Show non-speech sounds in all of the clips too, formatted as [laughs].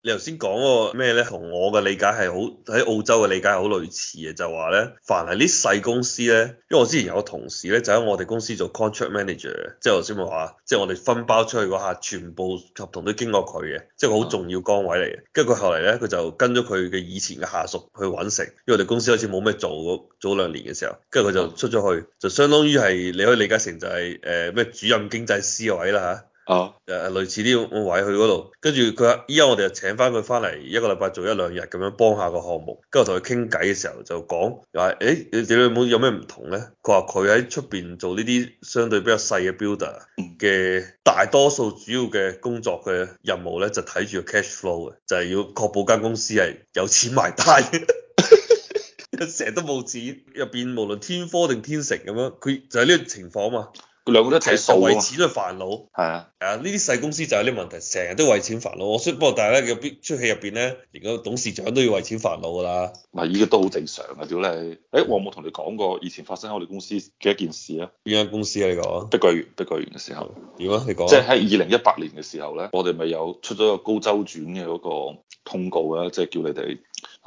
你頭先講嗰個咩咧？同我嘅理解係好喺澳洲嘅理解係好類似嘅，就話咧凡係啲細公司咧，因為我之前有個同事咧就喺我哋公司做 contract manager，即係頭先咪話，即係我哋分包出去嗰下，全部合同都經過佢嘅，即係好重要崗位嚟嘅。跟住佢後嚟咧，佢就跟咗佢嘅以前嘅下屬去揾食，因為我哋公司好似冇咩做過，早兩年嘅時候，跟住佢就出咗去，就相當於係你可以理解成就係誒咩主任經濟師位啦嚇。啊，誒，類似啲位去嗰度，跟住佢話，依家我哋就請翻佢翻嚟一個禮拜做一兩日咁樣幫下個項目，跟住同佢傾偈嘅時候就講，話、欸、誒，你哋有冇有咩唔同咧？佢話佢喺出邊做呢啲相對比較細嘅 builder 嘅，大多數主要嘅工作嘅任務咧就睇住 cash flow 嘅，就係、就是、要確保間公司係有錢埋單，成日 [laughs] [laughs] 都冇錢入邊，無論天科定天成咁樣，佢就係呢個情況啊嘛。兩個都睇數啊，為錢都煩惱。係啊，係啊，呢啲細公司就有啲問題，成日都為錢煩惱。我雖不過，但係咧入邊出戲入邊咧，而家個董事長都要為錢煩惱噶啦。唔係，依家都好正常啊，屌你，你！誒、欸，我有冇同你講過以前發生喺我哋公司嘅一件事啊？邊間公司啊？你講碧桂園，碧桂園嘅時候。如果，你講。即係喺二零一八年嘅時候咧，我哋咪有出咗個高周轉嘅嗰個通告啊，即、就、係、是、叫你哋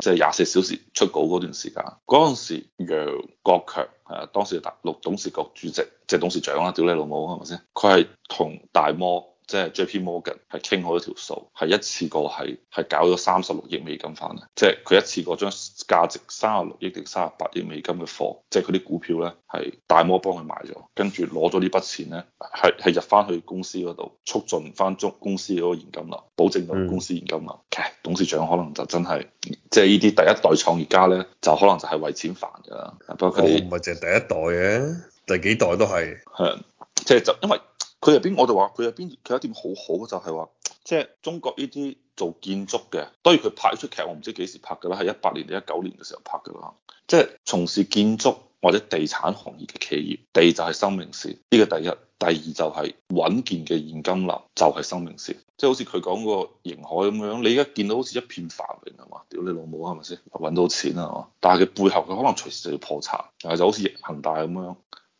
即係廿四小時出稿嗰段時間。嗰陣時楊強，楊國強。係啊，當時大陸董事局主席即董事長啦，屌你老母，係咪先？佢係同大摩。即係 J P Morgan 係傾好一條數，係一次過係係搞咗三十六億美金翻嚟，即係佢一次過將價值三十六億定三十八億美金嘅貨，即係佢啲股票咧係大摩幫佢買咗，跟住攞咗呢筆錢咧係係入翻去公司嗰度，促進翻中公司嗰個現金流，保證到公司現金流。嗯、董事長可能就真係即係呢啲第一代創業家咧，就可能就係為錢煩㗎啦。不過佢唔係淨係第一代嘅、啊，第幾代都係係，即係就係、因為。佢入邊，我哋話佢入邊，佢有一點好好就係話，即係中國呢啲做建築嘅，當然佢拍出劇，我唔知幾時拍㗎啦，係一八年定一九年嘅時候拍㗎啦。即係從事建築或者地產行業嘅企業，地就係生命線，呢個第一。第二就係穩健嘅現金流就係生命線，即係好似佢講個盈海咁樣，你而家見到好似一片繁榮吖嘛？屌你老母係咪先揾到錢啊？但係佢背後佢可能隨時就要破產，就係就好似恒大咁樣。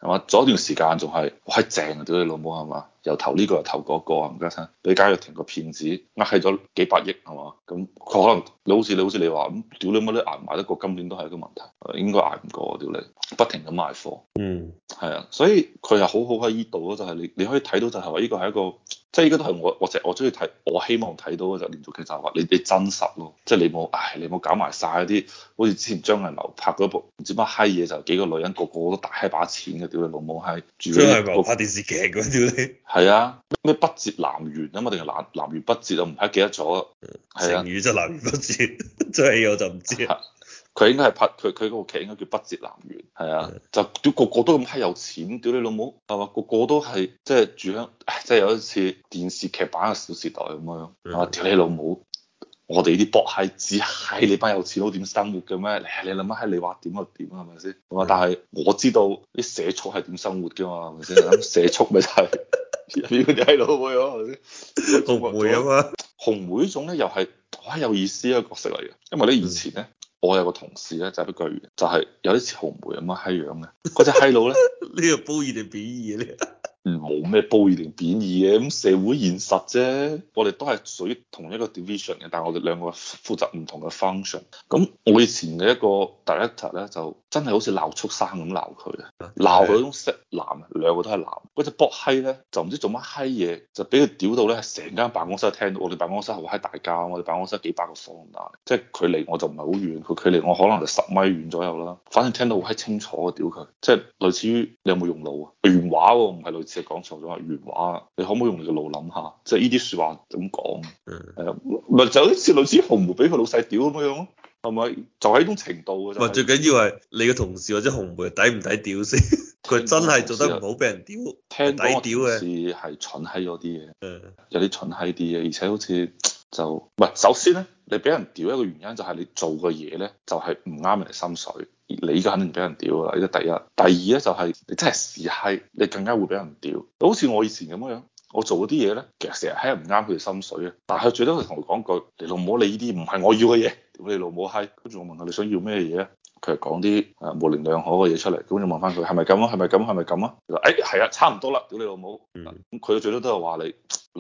係嘛？咗一段時間仲係，哇！正啊，屌你老母係嘛？又投呢個又投嗰個啊，家生，俾賈躍亭個騙子，呃起咗幾百億係嘛？咁佢可能你好似你好似你話咁，屌你媽都捱埋得過今年都係一個問題，應該捱唔過，屌你！不停咁賣貨。嗯。係啊，所以佢係好好喺依度咯，就係你你可以睇到就係話呢個係一個，即係依家都係我我淨我中意睇，我希望睇到嘅就連續劇就話你你真實咯，即係你冇唉你冇搞埋晒嗰啲，好似之前張藝謀拍嗰部唔知乜閪嘢就幾個女人個個,個個都大閪把錢嘅，屌你老母閪，張藝謀拍電視劇嘅屌係啊，咩北轍南轅啊嘛，定係南南轅北轍啊？唔係記得咗，啊、成語就南轅北轍，真係我就唔知啦。 [laughs] 佢應該係拍佢佢嗰個劇應該叫《北轍南轅》，係啊，是的 就屌個個都咁閪有錢，屌你老母！係嘛，個個都係即係住響，即係有一次電視劇版嘅《小時代》咁樣，係嘛？屌你老母我你！我哋啲博係隻閪，你班有錢佬點生活嘅咩？你啊，你諗乜你話點就點，係咪先？係嘛？但係我知道啲社畜係點生活嘅嘛是是，係咪先？咁社畜咪就係屌你閪老母咯，紅梅啊嘛！紅梅呢種咧又係好有意思、啊、一個角色嚟嘅，因為你以前咧。我有個同事咧，就係一句，就係有啲似紅梅咁樣閪樣嘅，嗰隻閪佬咧，呢個褒義定貶義啊？冇咩褒義定貶義嘅，咁社會現實啫。我哋都係屬於同一個 division 嘅，但係我哋兩個負責唔同嘅 function。咁我以前嘅一個 director 咧，就真係好似鬧畜生咁鬧佢嘅，鬧佢嗰種 set 男，兩個都係男。嗰隻博閪咧就唔知做乜閪嘢，就俾佢屌到咧，成間辦公室聽到。我哋辦公室好閪大間㗎，我哋辦公室幾百個 window 咁大即係距離我就唔係好遠，佢距離我可能就十米遠左右啦。反正聽到好閪清楚啊，屌佢！即係類似於你有冇用腦啊？原話喎，唔係類似。即係講錯咗話原話，你可唔可以用你嘅腦諗下，即係依啲説話點講？嗯，咪、呃、就好似類似紅梅俾佢老細屌咁樣樣咯，係咪？就係呢種程度嘅。唔、嗯就係、最緊要係你嘅同事或者紅梅抵唔抵屌先？佢 [laughs] 真係做得唔好，俾人屌，聽底屌嘅事係蠢閪多啲嘅。嗯，有啲蠢閪啲嘅，而且好似就唔係、呃、首先咧，你俾人屌一個原因就係你做嘅嘢咧，就係唔啱人哋心水，你依家肯定俾人屌啦，呢個第一。第二咧就係、是、你真係時閪，你更加會俾人屌。好似我以前咁樣，我做嗰啲嘢咧，其實成日喺唔啱佢哋心水嘅。但係最多佢同我講句，你老母你呢啲唔係我要嘅嘢，屌你老母閪！跟住我問下你想要咩嘢咧，佢係講啲誒模棱兩可嘅嘢出嚟。咁你問翻佢係咪咁啊？係咪咁？係咪咁啊？佢話、啊：誒係啊，哎、啊，差唔多啦，屌你老母！佢、嗯、最多都係話你，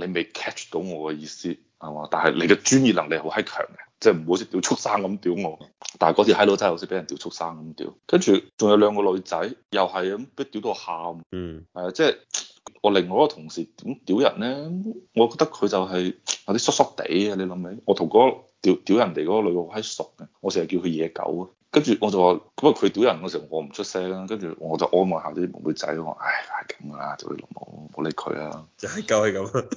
你未 catch 到我嘅意思係嘛？但係你嘅專業能力好閪強嘅。即係唔會識屌畜生咁屌我，但係嗰啲閪佬真係好似俾人屌畜生咁屌，跟住仲有兩個女仔又係咁俾屌到喊，嗯，係啊，即係我另外一個同事點屌人咧，我覺得佢就係有啲衰衰地嘅，你諗起我同嗰、嗰個屌屌人哋嗰個女嘅好閪熟嘅，我成日叫佢野狗啊。跟住我就話，不過佢屌人嗰時我唔出聲啦。跟住我就安慰下啲妹妹仔，我話：唉，係咁噶啦，做啲農務，冇理佢啦。隻狗係咁。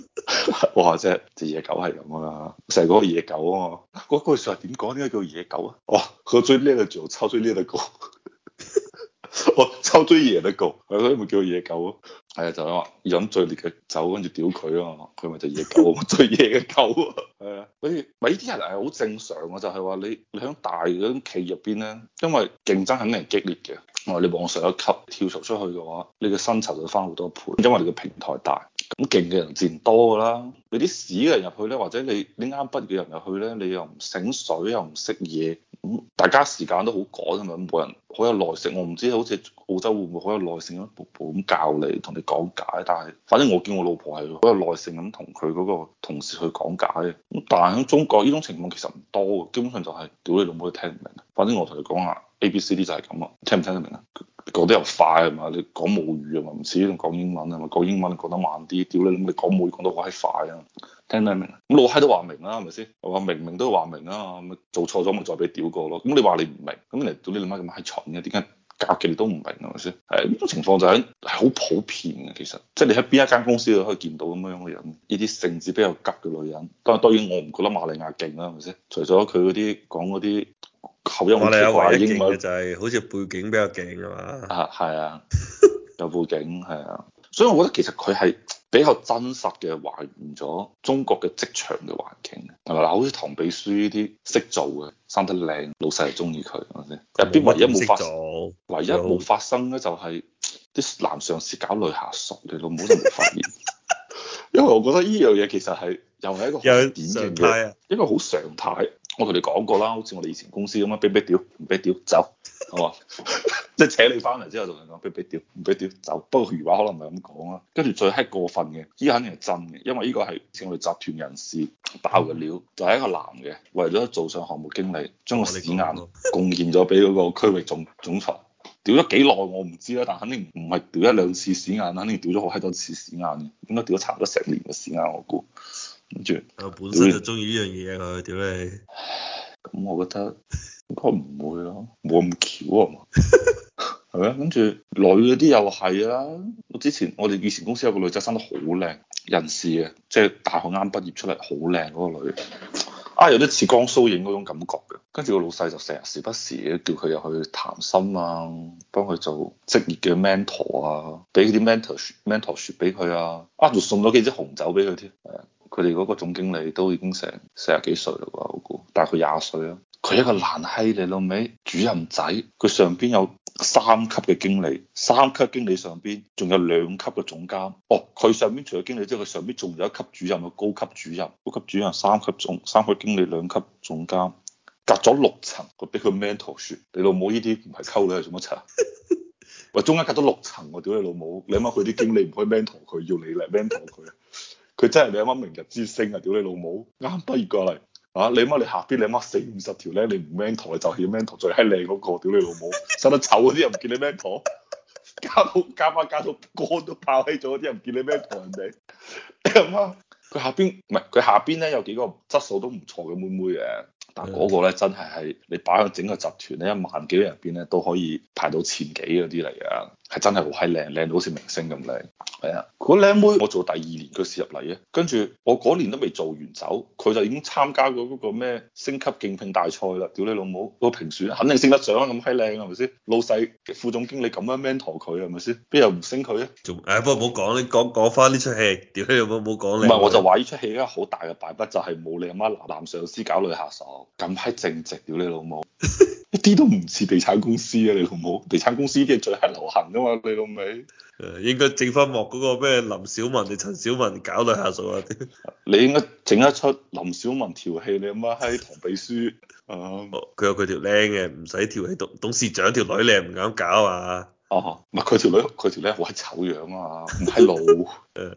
[laughs] 哇！啫，隻野狗係咁噶啦，成個野狗啊嘛。嗰、那個時候點講？點解叫野狗啊？哦，佢最叻嘅做抽最叻嘅狗，我抽最野嘅狗，所以咪叫野狗啊？係啊，就係話飲最烈嘅酒，跟住屌佢啊嘛，佢咪就野狗最野嘅狗啊，係啊，所以咪啲人係好正常啊，就係話你你喺大嘅企業入邊咧，因為競爭肯定係激烈嘅，我你往上一級跳槽出去嘅話，你嘅薪酬就翻好多倍，因為你嘅平台大，咁勁嘅人自然多㗎啦，你啲屎嘅人入去咧，或者你你啱畢業嘅人入去咧，你又唔醒水又唔識嘢。咁大家時間都好趕係咪？冇人好有耐性，我唔知好似澳洲會唔會好有耐性咁一步步咁教你同你講解。但係，反正我見我老婆係好有耐性咁同佢嗰個同事去講解嘅。咁但係喺中國呢種情況其實唔多嘅，基本上就係屌你老母都聽唔明。反正我同你講下 A B C D 就係咁啊，聽唔聽得明啊？你講得又快係嘛？你講母語係嘛？唔似你講英文係嘛？講英文你講得慢啲，屌你咁你講母語講得好閪快啊！聽得、嗯、明？咁老閪都話明啦，係咪先？我話明明都話明啊，咁做錯咗咪再俾屌過咯？咁、嗯、你話你唔明，咁嚟到你你媽咁閪蠢嘅？點解教極都唔明係咪先？係呢種情況就係、是、好普遍嘅，其實即係、就是、你喺邊一間公司都可以見到咁樣嘅人，呢啲性子比較急嘅女人。但係當然我唔覺得瑪利亞勁啦，係咪先？除咗佢嗰啲講嗰啲。後有冇啲嘅就係好似背景比較勁啊嘛，啊係 [laughs] 啊，有背景係啊，所以我覺得其實佢係比較真實嘅還原咗中國嘅職場嘅環境，係咪嗱？好似唐秘書呢啲識做嘅，生得靚，老細就中意佢，入邊 [laughs] 唯一冇發生，唯一冇發生咧就係啲男上司搞女下屬你老母都唔發現， [laughs] 因為我覺得呢樣嘢其實係又係一個好典型嘅，啊、一個好常態。我同你講過啦，好似我哋以前公司咁樣，俾俾屌，唔俾屌，走，係嘛？ [laughs] 即係請你翻嚟之後，同人講俾俾屌，唔俾屌，走。不過説話可能唔係咁講啦。跟住最閪過分嘅，依家肯定係真嘅，因為依個係我哋集團人士爆嘅料，就係、係、一個男嘅，為咗做上項目經理，將個屎眼貢獻咗俾嗰個區域總總裁，屌咗幾耐我唔知啦，但肯定唔係屌一兩次屎眼，肯定屌咗好閪多次屎眼嘅，應該屌咗差唔多成年嘅屎眼我估。跟住，佢本身就中意呢樣嘢，佢屌你。咁我覺得應該唔會咯，冇咁巧啊嘛，係咪？跟住女嗰啲又係啊。我之前我哋以前公司有個女仔生，生得好靚，人事嘅，即係大學啱畢業出嚟好靚嗰個女，啊有啲似江疏影嗰種感覺嘅。跟住個老細就成日時不時叫佢入去談心啊，幫佢做職業嘅 mentor 啊，俾啲 mentor mentor 書俾佢啊，啊仲送咗幾支紅酒俾佢添，係啊。佢哋嗰個總經理都已經成四十幾歲啦，我估。但係佢廿歲啊，佢一個難閪你老味主任仔，佢上邊有三級嘅經理，三級經理上邊仲有兩級嘅總監。哦，佢上邊除咗經理之外，佢上邊仲有一級主任，高級主任，高級主任三級總，三級經理兩級總監，隔咗六層，佢俾佢 mentor 説：你老母呢啲唔係溝女係做乜柒？喂，中間隔咗六層，啊，我屌你老母，你諗下，佢啲經理唔可以 mentor 佢，要你嚟 mentor 佢。佢真係你阿媽明日之星啊！屌你老母，啱畢業過嚟啊！你媽你下邊你媽四五十條呢？你唔 mentor 就係 mentor，最閪靚嗰個。屌你老母，生得醜嗰啲又唔見你 mentor，加到加翻加到哥都爆氣咗嗰啲又唔見你 mentor 人哋。你阿媽佢下邊唔係佢下邊咧有幾個質素都唔錯嘅妹妹嘅。嗱嗰，啊嗰個咧真係係你擺喺整個集團咧一萬幾人入邊咧都可以排到前幾嗰啲嚟啊，係真係好閪靚，靚到好似明星咁靚。係啊，嗰靚妹我做第二年佢先入嚟啊。跟住我嗰年都未做完走，佢就已經參加過嗰個咩升級競聘大賽啦。屌你老母，嗰個評選肯定升得獎啊！咁閪靚係咪先？老細副總經理咁樣 mentor 佢係咪先？邊有唔升佢啊？仲不過唔好講，你講講翻呢出戲。屌你老母，冇好講你。唔係我就話呢出戲而家好大嘅敗筆就係、是、冇你阿媽男上司搞女下手。咁閪正直屌你老母，一啲都唔似地產公司啊！你老母，地產公司啲嘢最係流行噶嘛，你老味！誒，應該整翻幕嗰個咩林小文你陳小文搞對下屬啊！ [laughs] 你應該整得出林小文調戲你阿媽閪唐秘書。啊，佢有佢條靚嘅，唔使調戲董董事長條女你，唔敢搞啊。哦，唔係佢條女，佢條靚好閪醜樣啊，唔係老。誒。